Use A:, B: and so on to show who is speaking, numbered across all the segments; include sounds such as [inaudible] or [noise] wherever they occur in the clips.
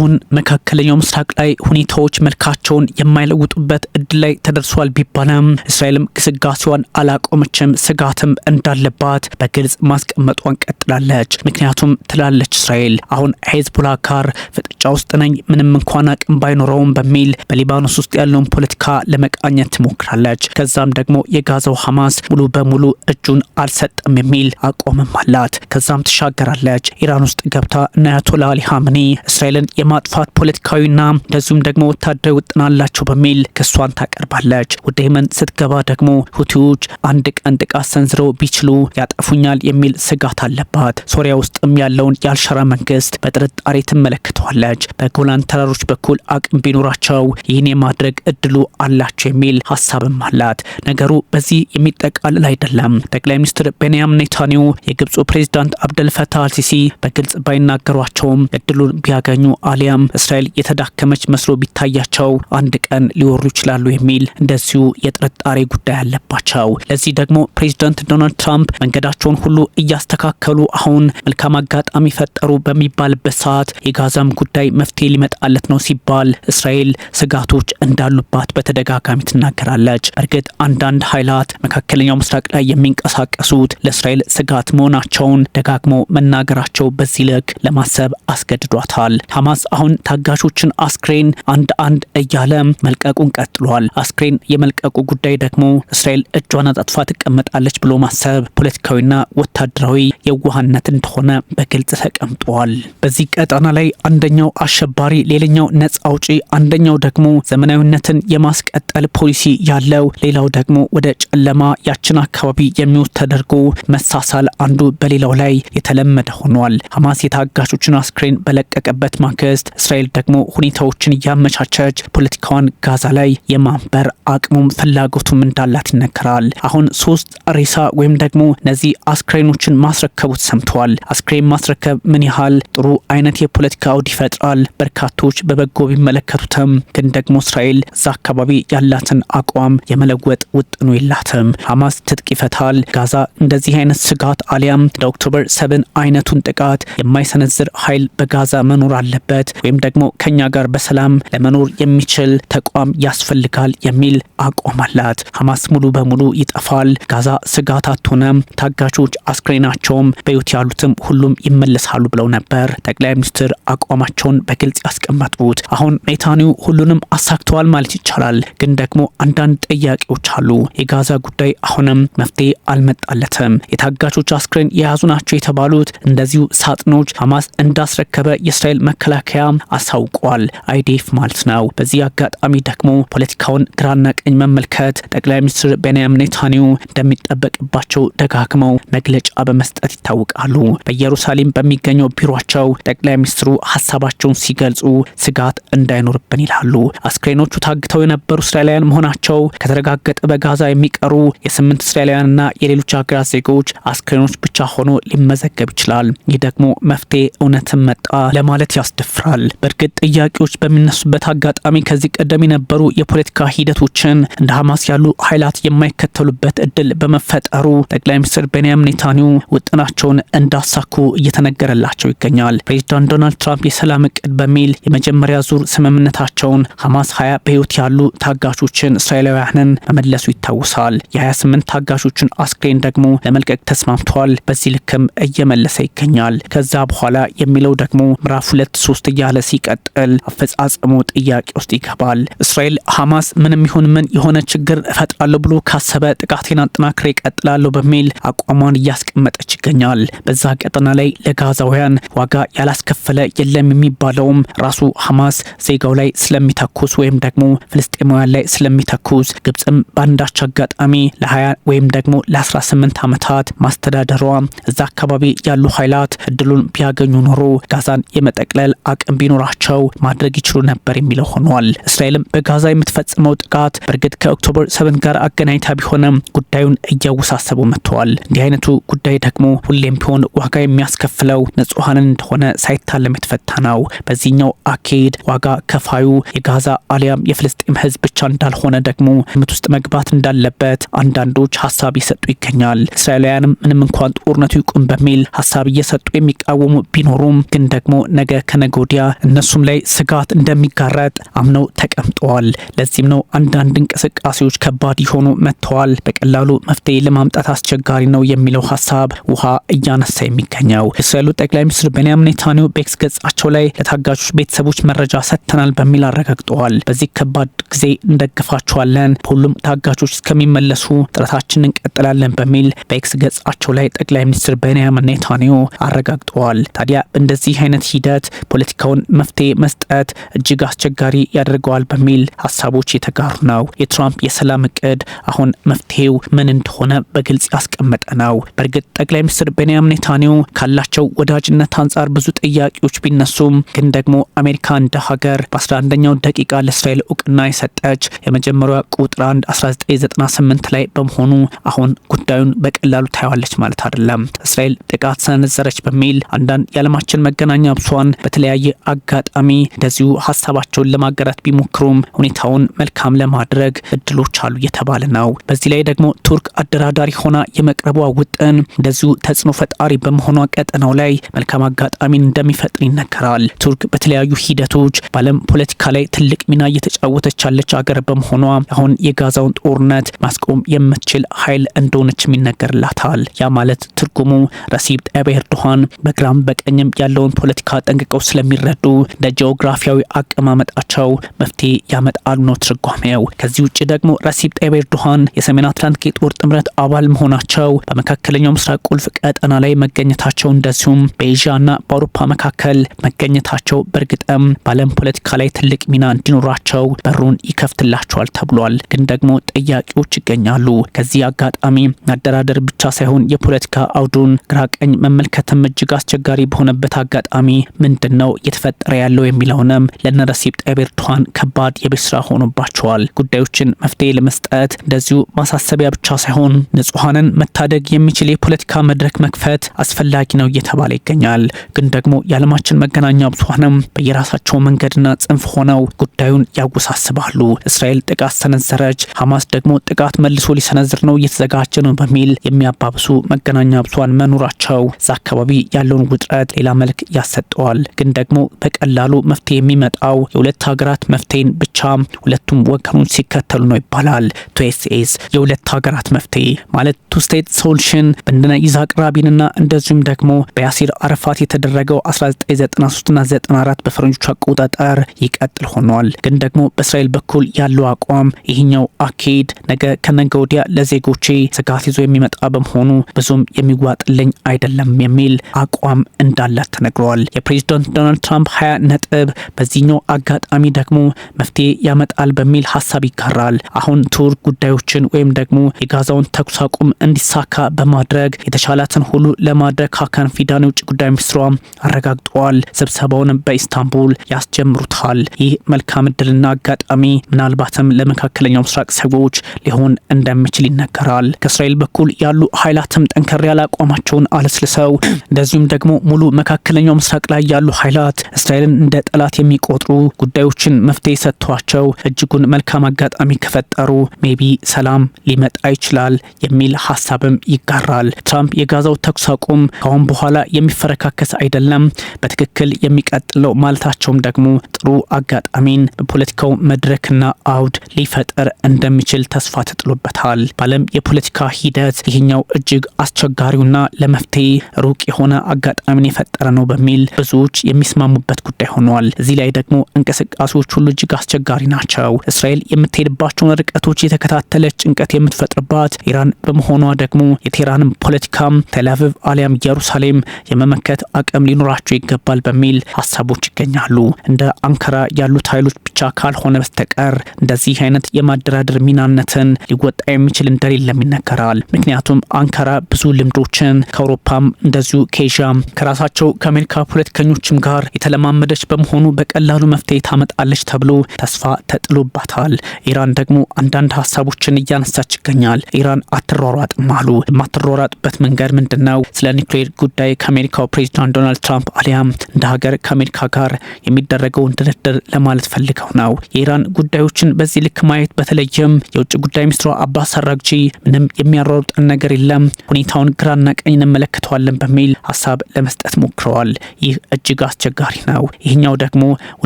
A: አሁን መካከለኛው ምስራቅ ላይ ሁኔታዎች መልካቸውን የማይለውጡበት እድል ላይ ተደርሷል ቢባልም እስራኤልም ግስጋሴዋን አላቆመችም፣ ስጋትም እንዳለባት በግልጽ ማስቀመጧን ቀጥላለች። ምክንያቱም ትላለች እስራኤል አሁን ሄዝቦላ ጋር ፍጥጫ ውስጥ ነኝ ምንም እንኳን አቅም ባይኖረውም በሚል በሊባኖስ ውስጥ ያለውን ፖለቲካ ለመቃኘት ትሞክራለች። ከዛም ደግሞ የጋዛው ሐማስ ሙሉ በሙሉ እጁን አልሰጠም የሚል አቋምም አላት። ከዛም ትሻገራለች። ኢራን ውስጥ ገብታ እነ አያቶላ አሊ ሀምኒ እስራኤልን ለማጥፋት ፖለቲካዊና እንደዚሁም ደግሞ ወታደራዊ ውጥን አላቸው በሚል ክሷን ታቀርባለች። ወደ የመን ስትገባ ደግሞ ሁቲዎች አንድ ቀን ጥቃት ሰንዝረው ቢችሉ ያጠፉኛል የሚል ስጋት አለባት። ሶሪያ ውስጥም ያለውን የአልሸራ መንግስት በጥርጣሬ ትመለከተዋለች። በጎላን ተራሮች በኩል አቅም ቢኖራቸው ይህን የማድረግ እድሉ አላቸው የሚል ሀሳብም አላት። ነገሩ በዚህ የሚጠቃልል አይደለም። ጠቅላይ ሚኒስትር ቤንያም ኔታንያሁ የግብፁ ፕሬዚዳንት አብደልፈታህ አልሲሲ በግልጽ ባይናገሯቸውም እድሉን ቢያገኙ አሊያም እስራኤል የተዳከመች መስሎ ቢታያቸው አንድ ቀን ሊወሩ ይችላሉ የሚል እንደዚሁ የጥርጣሬ ጉዳይ አለባቸው። ለዚህ ደግሞ ፕሬዚደንት ዶናልድ ትራምፕ መንገዳቸውን ሁሉ እያስተካከሉ አሁን መልካም አጋጣሚ ፈጠሩ በሚባልበት ሰዓት የጋዛም ጉዳይ መፍትሄ ሊመጣለት ነው ሲባል እስራኤል ስጋቶች እንዳሉባት በተደጋጋሚ ትናገራለች። እርግጥ አንዳንድ ኃይላት መካከለኛው ምስራቅ ላይ የሚንቀሳቀሱት ለእስራኤል ስጋት መሆናቸውን ደጋግሞ መናገራቸው በዚህ ልክ ለማሰብ አስገድዷታል። ሐማስ ሐማስ አሁን ታጋሾችን አስክሬን አንድ አንድ እያለ መልቀቁን ቀጥሏል። አስክሬን የመልቀቁ ጉዳይ ደግሞ እስራኤል እጇን አጣጥፋ ትቀመጣለች ብሎ ማሰብ ፖለቲካዊና ወታደራዊ የዋህነት እንደሆነ በግልጽ ተቀምጧል። በዚህ ቀጠና ላይ አንደኛው አሸባሪ፣ ሌላኛው ነጻ አውጪ፣ አንደኛው ደግሞ ዘመናዊነትን የማስቀጠል ፖሊሲ ያለው፣ ሌላው ደግሞ ወደ ጨለማ ያችን አካባቢ የሚወስድ ተደርጎ መሳሳል አንዱ በሌላው ላይ የተለመደ ሆኗል። ሐማስ የታጋሾችን አስክሬን በለቀቀበት ማከ መንግስት፣ እስራኤል ደግሞ ሁኔታዎችን እያመቻቸች ፖለቲካዋን ጋዛ ላይ የማንበር አቅሙም ፍላጎቱም እንዳላት ይነገራል። አሁን ሶስት ሬሳ ወይም ደግሞ እነዚህ አስክሬኖችን ማስረከቡ ተሰምተዋል። አስክሬን ማስረከብ ምን ያህል ጥሩ አይነት የፖለቲካ አውድ ይፈጥራል? በርካቶች በበጎ ቢመለከቱትም ግን ደግሞ እስራኤል እዛ አካባቢ ያላትን አቋም የመለወጥ ውጥኑ የላትም። ሐማስ ትጥቅ ይፈታል፣ ጋዛ እንደዚህ አይነት ስጋት አሊያም ለኦክቶበር ሰብን አይነቱን ጥቃት የማይሰነዝር ኃይል በጋዛ መኖር አለበት። ያለበት ወይም ደግሞ ከኛ ጋር በሰላም ለመኖር የሚችል ተቋም ያስፈልጋል የሚል አቋም አላት። ሐማስ ሙሉ በሙሉ ይጠፋል፣ ጋዛ ስጋት አትሆነም፣ ታጋቾች አስክሬናቸውም በሕይወት ያሉትም ሁሉም ይመለሳሉ ብለው ነበር ጠቅላይ ሚኒስትር አቋማቸውን በግልጽ ያስቀመጡት። አሁን ኔታኒው ሁሉንም አሳክተዋል ማለት ይቻላል፣ ግን ደግሞ አንዳንድ ጥያቄዎች አሉ። የጋዛ ጉዳይ አሁንም መፍትሄ አልመጣለትም። የታጋቾች አስክሬን የያዙ ናቸው የተባሉት እንደዚሁ ሳጥኖች ሐማስ እንዳስረከበ የእስራኤል መከላከያ መከላከያ አሳውቋል። አይዲኤፍ ማለት ነው። በዚህ አጋጣሚ ደግሞ ፖለቲካውን ግራና ቀኝ መመልከት ጠቅላይ ሚኒስትር ቤንያሚን ኔታንያሁ እንደሚጠበቅባቸው ደጋግመው መግለጫ በመስጠት ይታወቃሉ። በኢየሩሳሌም በሚገኘው ቢሮቸው ጠቅላይ ሚኒስትሩ ሀሳባቸውን ሲገልጹ ስጋት እንዳይኖርብን ይላሉ። አስክሬኖቹ ታግተው የነበሩ እስራኤላውያን መሆናቸው ከተረጋገጠ በጋዛ የሚቀሩ የስምንት እስራኤላውያንና የሌሎች ሀገራት ዜጎች አስክሬኖች ብቻ ሆኖ ሊመዘገብ ይችላል። ይህ ደግሞ መፍትሄ እውነትን መጣ ለማለት ያስደፍራል። ያስፍራል። በእርግጥ ጥያቄዎች በሚነሱበት አጋጣሚ ከዚህ ቀደም የነበሩ የፖለቲካ ሂደቶችን እንደ ሐማስ ያሉ ኃይላት የማይከተሉበት እድል በመፈጠሩ ጠቅላይ ሚኒስትር ቤንያም ኔታንያሁ ውጥናቸውን እንዳሳኩ እየተነገረላቸው ይገኛል። ፕሬዚዳንት ዶናልድ ትራምፕ የሰላም እቅድ በሚል የመጀመሪያ ዙር ስምምነታቸውን ሀማስ ሀያ በህይወት ያሉ ታጋቾችን እስራኤላውያንን መመለሱ ይታወሳል። የ28 ታጋቾችን አስክሬን ደግሞ ለመልቀቅ ተስማምተዋል። በዚህ ልክም እየመለሰ ይገኛል። ከዛ በኋላ የሚለው ደግሞ ምዕራፍ ሁለት ሶስት እያለ ሲቀጥል አፈጻጸሙ ጥያቄ ውስጥ ይገባል። እስራኤል ሐማስ ምንም ይሁን ምን የሆነ ችግር እፈጥራለሁ ብሎ ካሰበ ጥቃቴን አጠናክሬ ቀጥላለሁ በሚል አቋሟን እያስቀመጠች ይገኛል። በዛ ቀጠና ላይ ለጋዛውያን ዋጋ ያላስከፈለ የለም የሚባለውም ራሱ ሐማስ ዜጋው ላይ ስለሚተኩስ ወይም ደግሞ ፍልስጤማውያን ላይ ስለሚተኩስ ግብፅም በአንዳች አጋጣሚ ለሀያ ወይም ደግሞ ለ18 ዓመታት ማስተዳደሯ እዛ አካባቢ ያሉ ኃይላት እድሉን ቢያገኙ ኖሮ ጋዛን የመጠቅለል አቅም ቢኖራቸው ማድረግ ይችሉ ነበር የሚለው ሆኗል። እስራኤልም በጋዛ የምትፈጽመው ጥቃት በእርግጥ ከኦክቶበር ሰብን ጋር አገናኝታ ቢሆንም ጉዳዩን እያወሳሰቡ መጥተዋል። እንዲህ አይነቱ ጉዳይ ደግሞ ሁሌም ቢሆን ዋጋ የሚያስከፍለው ንጹሐንን እንደሆነ ሳይታለም የተፈታ ነው። በዚህኛው አካሄድ ዋጋ ከፋዩ የጋዛ አሊያም የፍልስጤም ህዝብ ብቻ እንዳልሆነ ደግሞ ምት ውስጥ መግባት እንዳለበት አንዳንዶች ሀሳብ እየሰጡ ይገኛል። እስራኤላውያንም ምንም እንኳን ጦርነቱ ይቁም በሚል ሀሳብ እየሰጡ የሚቃወሙ ቢኖሩም ግን ደግሞ ነገ ከነገ ወዲያ እነሱም ላይ ስጋት እንደሚጋረጥ አምነው ተቀምጠዋል። ለዚህም ነው አንዳንድ እንቅስቃሴዎች ከባድ ይሆኑ መጥተዋል፣ በቀላሉ መፍትሄ ለማምጣት አስቸጋሪ ነው የሚለው ሀሳብ ውሃ እያነሳ የሚገኘው። የእስራኤሉ ጠቅላይ ሚኒስትር ቤንያሚን ኔታንያሁ በኤክስ ገጻቸው ላይ ለታጋቾች ቤተሰቦች መረጃ ሰጥተናል በሚል አረጋግጠዋል። በዚህ ከባድ ጊዜ እንደግፋቸዋለን፣ ሁሉም ታጋቾች እስከሚመለሱ ጥረታችን እንቀጥላለን በሚል በኤክስ ገጻቸው ላይ ጠቅላይ ሚኒስትር ቤንያሚን ኔታንያሁ አረጋግጠዋል። ታዲያ በእንደዚህ አይነት ሂደት የፖለቲካውን መፍትሄ መስጠት እጅግ አስቸጋሪ ያደርገዋል በሚል ሀሳቦች የተጋሩ ነው። የትራምፕ የሰላም እቅድ አሁን መፍትሄው ምን እንደሆነ በግልጽ ያስቀመጠ ነው። በእርግጥ ጠቅላይ ሚኒስትር ቤንያም ኔታንያሁ ካላቸው ወዳጅነት አንጻር ብዙ ጥያቄዎች ቢነሱም ግን ደግሞ አሜሪካ እንደ ሀገር በ11ኛው ደቂቃ ለእስራኤል እውቅና የሰጠች የመጀመሪያ ቁጥር አንድ 1998 ላይ በመሆኑ አሁን ጉዳዩን በቀላሉ ታየዋለች ማለት አይደለም። እስራኤል ጥቃት ሰነዘረች በሚል አንዳንድ የዓለማችን መገናኛ ብሷን በተለያየ በተለያየ አጋጣሚ እንደዚሁ ሀሳባቸውን ለማጋራት ቢሞክሩም ሁኔታውን መልካም ለማድረግ እድሎች አሉ እየተባለ ነው። በዚህ ላይ ደግሞ ቱርክ አደራዳሪ ሆና የመቅረቧ ውጥን እንደዚሁ ተጽዕኖ ፈጣሪ በመሆኗ ቀጠናው ላይ መልካም አጋጣሚን እንደሚፈጥር ይነገራል። ቱርክ በተለያዩ ሂደቶች በዓለም ፖለቲካ ላይ ትልቅ ሚና እየተጫወተች ያለች ሀገር በመሆኗ አሁን የጋዛውን ጦርነት ማስቆም የምትችል ኃይል እንደሆነችም ይነገርላታል። ያ ማለት ትርጉሙ ረሲብ ጣይብ ኤርዶሃን በግራም በቀኝም ያለውን ፖለቲካ ጠንቅቀው ስለሚ የሚረዱ ለጂኦግራፊያዊ አቀማመጣቸው መፍትሄ ያመጣሉ ነው ትርጓሜው። ከዚህ ውጭ ደግሞ ረሲብ ጣይብ ኤርዶሃን የሰሜን አትላንቲክ የጦር ጥምረት አባል መሆናቸው፣ በመካከለኛው ምስራቅ ቁልፍ ቀጠና ላይ መገኘታቸው፣ እንደዚሁም በኤዥያና በአውሮፓ መካከል መገኘታቸው በእርግጥም በዓለም ፖለቲካ ላይ ትልቅ ሚና እንዲኖራቸው በሩን ይከፍትላቸዋል ተብሏል። ግን ደግሞ ጥያቄዎች ይገኛሉ። ከዚህ አጋጣሚ አደራደር ብቻ ሳይሆን የፖለቲካ አውዱን ግራቀኝ መመልከትም እጅግ አስቸጋሪ በሆነበት አጋጣሚ ምንድን ነው እየተፈጠረ ያለው የሚለውንም ለነ ረሲብ ጣይብ ኤርዶሃን ከባድ የቤት ስራ ሆኖባቸዋል። ጉዳዮችን መፍትሄ ለመስጠት እንደዚሁ ማሳሰቢያ ብቻ ሳይሆን ንጹሐንን መታደግ የሚችል የፖለቲካ መድረክ መክፈት አስፈላጊ ነው እየተባለ ይገኛል። ግን ደግሞ የዓለማችን መገናኛ ብዙኃንም በየራሳቸው መንገድና ጽንፍ ሆነው ጉዳዩን ያወሳስባሉ። እስራኤል ጥቃት ሰነዘረች፣ ሐማስ ደግሞ ጥቃት መልሶ ሊሰነዝር ነው እየተዘጋጀ ነው በሚል የሚያባብሱ መገናኛ ብዙኃን መኖራቸው እዛ አካባቢ ያለውን ውጥረት ሌላ መልክ ያሰጠዋል። ግን ደግሞ ደግሞ በቀላሉ መፍትሄ የሚመጣው የሁለት ሀገራት መፍትሄን ብቻ ሁለቱም ወገኖች ሲከተሉ ነው ይባላል። ቱኤስኤስ የሁለት ሀገራት መፍትሄ ማለት ቱ ስቴት ሶሉሽን በእንደነ ኢሳቅ ራቢንና እንደዚሁም ደግሞ በያሲር አረፋት የተደረገው 1993ና 94 በፈረንጆቹ አቆጣጠር ይቀጥል ሆኗል። ግን ደግሞ በእስራኤል በኩል ያለው አቋም ይህኛው አካሄድ ነገ ከነገ ወዲያ ለዜጎቼ ስጋት ይዞ የሚመጣ በመሆኑ ብዙም የሚዋጥልኝ አይደለም የሚል አቋም እንዳላት ተነግሯል። የፕሬዚዳንት ዶናልድ ዶናልድ ትራምፕ ሀያ ነጥብ በዚህኛው አጋጣሚ ደግሞ መፍትሄ ያመጣል በሚል ሀሳብ ይጋራል። አሁን ቱርክ ጉዳዮችን ወይም ደግሞ የጋዛውን ተኩስ አቁም እንዲሳካ በማድረግ የተቻላትን ሁሉ ለማድረግ ሀካን ፊዳን የውጭ ጉዳይ ሚኒስትሯ አረጋግጠዋል። ስብሰባውን በኢስታንቡል ያስጀምሩታል። ይህ መልካም እድልና አጋጣሚ ምናልባትም ለመካከለኛው ምስራቅ ሰዎች ሊሆን እንደሚችል ይነገራል። ከእስራኤል በኩል ያሉ ኃይላትም ጠንከር ያለ አቋማቸውን አለስልሰው [clears throat] እንደዚሁም ደግሞ ሙሉ መካከለኛው ምስራቅ ላይ ያሉ ኃይላት አባላት እስራኤልን እንደ ጠላት የሚቆጥሩ ጉዳዮችን መፍትሄ ሰጥቷቸው እጅጉን መልካም አጋጣሚ ከፈጠሩ ሜቢ ሰላም ሊመጣ ይችላል የሚል ሀሳብም ይጋራል። ትራምፕ የጋዛው ተኩስ አቁም ከአሁን በኋላ የሚፈረካከስ አይደለም፣ በትክክል የሚቀጥለው ማለታቸውም ደግሞ ጥሩ አጋጣሚን በፖለቲካው መድረክና አውድ ሊፈጠር እንደሚችል ተስፋ ተጥሎበታል። በዓለም የፖለቲካ ሂደት ይህኛው እጅግ አስቸጋሪውና ለመፍትሄ ሩቅ የሆነ አጋጣሚን የፈጠረ ነው በሚል ብዙዎች የሚስማ የተስማሙበት ጉዳይ ሆኗል። እዚህ ላይ ደግሞ እንቅስቃሴዎች ሁሉ እጅግ አስቸጋሪ ናቸው። እስራኤል የምትሄድባቸውን ርቀቶች የተከታተለች ጭንቀት የምትፈጥርባት ኢራን በመሆኗ ደግሞ የቴህራንም ፖለቲካም ተላቪቭ አሊያም ኢየሩሳሌም የመመከት አቅም ሊኖራቸው ይገባል በሚል ሀሳቦች ይገኛሉ። እንደ አንካራ ያሉት ኃይሎች ብቻ ካልሆነ በስተቀር እንደዚህ አይነት የማደራደር ሚናነትን ሊወጣ የሚችል እንደሌለም ይነገራል። ምክንያቱም አንካራ ብዙ ልምዶችን ከአውሮፓም እንደዚሁ ከኤዥያም ከራሳቸው ከአሜሪካ ፖለቲከኞችም ጋር ጋር የተለማመደች በመሆኑ በቀላሉ መፍትሄ ታመጣለች ተብሎ ተስፋ ተጥሎባታል። ኢራን ደግሞ አንዳንድ ሀሳቦችን እያነሳች ይገኛል። ኢራን አትሯሯጥም አሉ። የማትሯሯጥበት መንገድ ምንድን ነው? ስለ ኒውክሌር ጉዳይ ከአሜሪካው ፕሬዚዳንት ዶናልድ ትራምፕ አሊያም እንደ ሀገር ከአሜሪካ ጋር የሚደረገውን ድርድር ለማለት ፈልገው ነው። የኢራን ጉዳዮችን በዚህ ልክ ማየት በተለይም የውጭ ጉዳይ ሚኒስትሯ አባስ አራግጂ ምንም የሚያሯሩጥን ነገር የለም፣ ሁኔታውን ግራና ቀኝ እንመለከተዋለን በሚል ሀሳብ ለመስጠት ሞክረዋል። ይህ እጅግ አስቸ አስቸጋሪ ነው። ይህኛው ደግሞ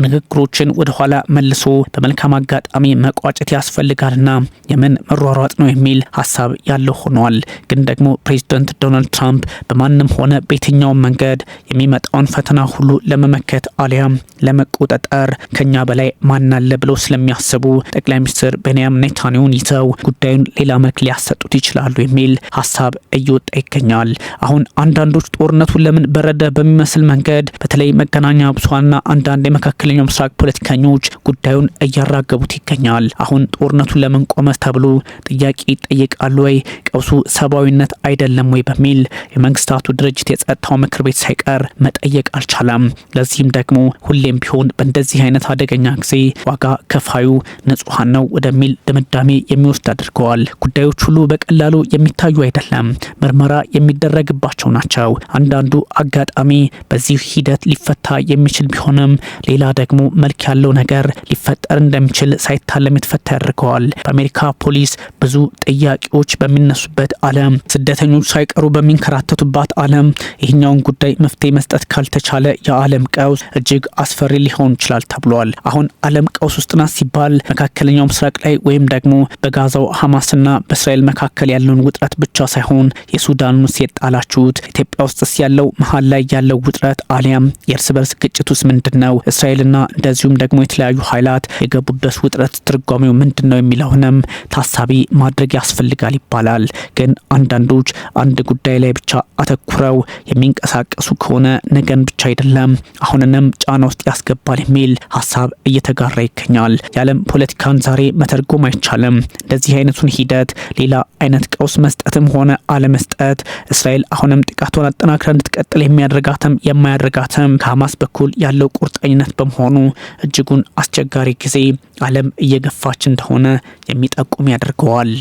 A: ንግግሮችን ወደኋላ መልሶ በመልካም አጋጣሚ መቋጨት ያስፈልጋልና የምን መሯሯጥ ነው የሚል ሀሳብ ያለው ሆኗል። ግን ደግሞ ፕሬዚደንት ዶናልድ ትራምፕ በማንም ሆነ በየትኛውም መንገድ የሚመጣውን ፈተና ሁሉ ለመመከት አሊያም ለመቆጣጠር ከኛ በላይ ማናለ ብለው ስለሚያስቡ ጠቅላይ ሚኒስትር ቤንያም ኔታንያሁን ይዘው ጉዳዩን ሌላ መልክ ሊያሰጡት ይችላሉ የሚል ሀሳብ እየወጣ ይገኛል። አሁን አንዳንዶች ጦርነቱን ለምን በረደ በሚመስል መንገድ በተለይ መገናኛ ብዙሀንና አንዳንድ የመካከለኛው ምስራቅ ፖለቲከኞች ጉዳዩን እያራገቡት ይገኛል። አሁን ጦርነቱን ለምን ቆመ ተብሎ ጥያቄ ይጠየቃሉ ወይ? ቀውሱ ሰብአዊነት አይደለም ወይ? በሚል የመንግስታቱ ድርጅት የጸጥታው ምክር ቤት ሳይቀር መጠየቅ አልቻለም። ለዚህም ደግሞ ሁሌም ቢሆን በእንደዚህ አይነት አደገኛ ጊዜ ዋጋ ከፋዩ ንጹሀን ነው ወደሚል ድምዳሜ የሚወስድ አድርገዋል። ጉዳዮች ሁሉ በቀላሉ የሚታዩ አይደለም፣ ምርመራ የሚደረግባቸው ናቸው። አንዳንዱ አጋጣሚ በዚህ ሂደት ሊፈታ ሊፈታ የሚችል ቢሆንም ሌላ ደግሞ መልክ ያለው ነገር ሊፈጠር እንደሚችል ሳይታለም የተፈታ ያደርገዋል። በአሜሪካ ፖሊስ ብዙ ጥያቄዎች በሚነሱበት ዓለም ስደተኞች ሳይቀሩ በሚንከራተቱባት ዓለም ይህኛውን ጉዳይ መፍትሄ መስጠት ካልተቻለ የዓለም ቀውስ እጅግ አስፈሪ ሊሆን ይችላል ተብሏል። አሁን ዓለም ቀውስ ውስጥ ናት ሲባል መካከለኛው ምስራቅ ላይ ወይም ደግሞ በጋዛው ሐማስና በእስራኤል መካከል ያለውን ውጥረት ብቻ ሳይሆን የሱዳኑን ሴት ጣላችሁት ኢትዮጵያ ውስጥ ያለው መሀል ላይ ያለው ውጥረት አሊያም የእርስ በርስ ግጭት ውስጥ ምንድን ነው እስራኤልና እንደዚሁም ደግሞ የተለያዩ ኃይላት የገቡበት ውጥረት ትርጓሜው ምንድን ነው የሚለውንም ታሳቢ ማድረግ ያስፈልጋል ይባላል። ግን አንዳንዶች አንድ ጉዳይ ላይ ብቻ አተኩረው የሚንቀሳቀሱ ከሆነ ነገን ብቻ አይደለም አሁንንም ጫና ውስጥ ያስገባል የሚል ሀሳብ እየተጋራ ይገኛል። የዓለም ፖለቲካን ዛሬ መተርጎም አይቻልም። እንደዚህ አይነቱን ሂደት ሌላ አይነት ቀውስ መስጠትም ሆነ አለመስጠት እስራኤል አሁንም ጥቃቷን አጠናክረ እንድትቀጥል የሚያደርጋትም የማያደርጋትም ከሀማስ በሐማስ በኩል ያለው ቁርጠኝነት በመሆኑ እጅጉን አስቸጋሪ ጊዜ ዓለም እየገፋች እንደሆነ የሚጠቁም ያደርገዋል።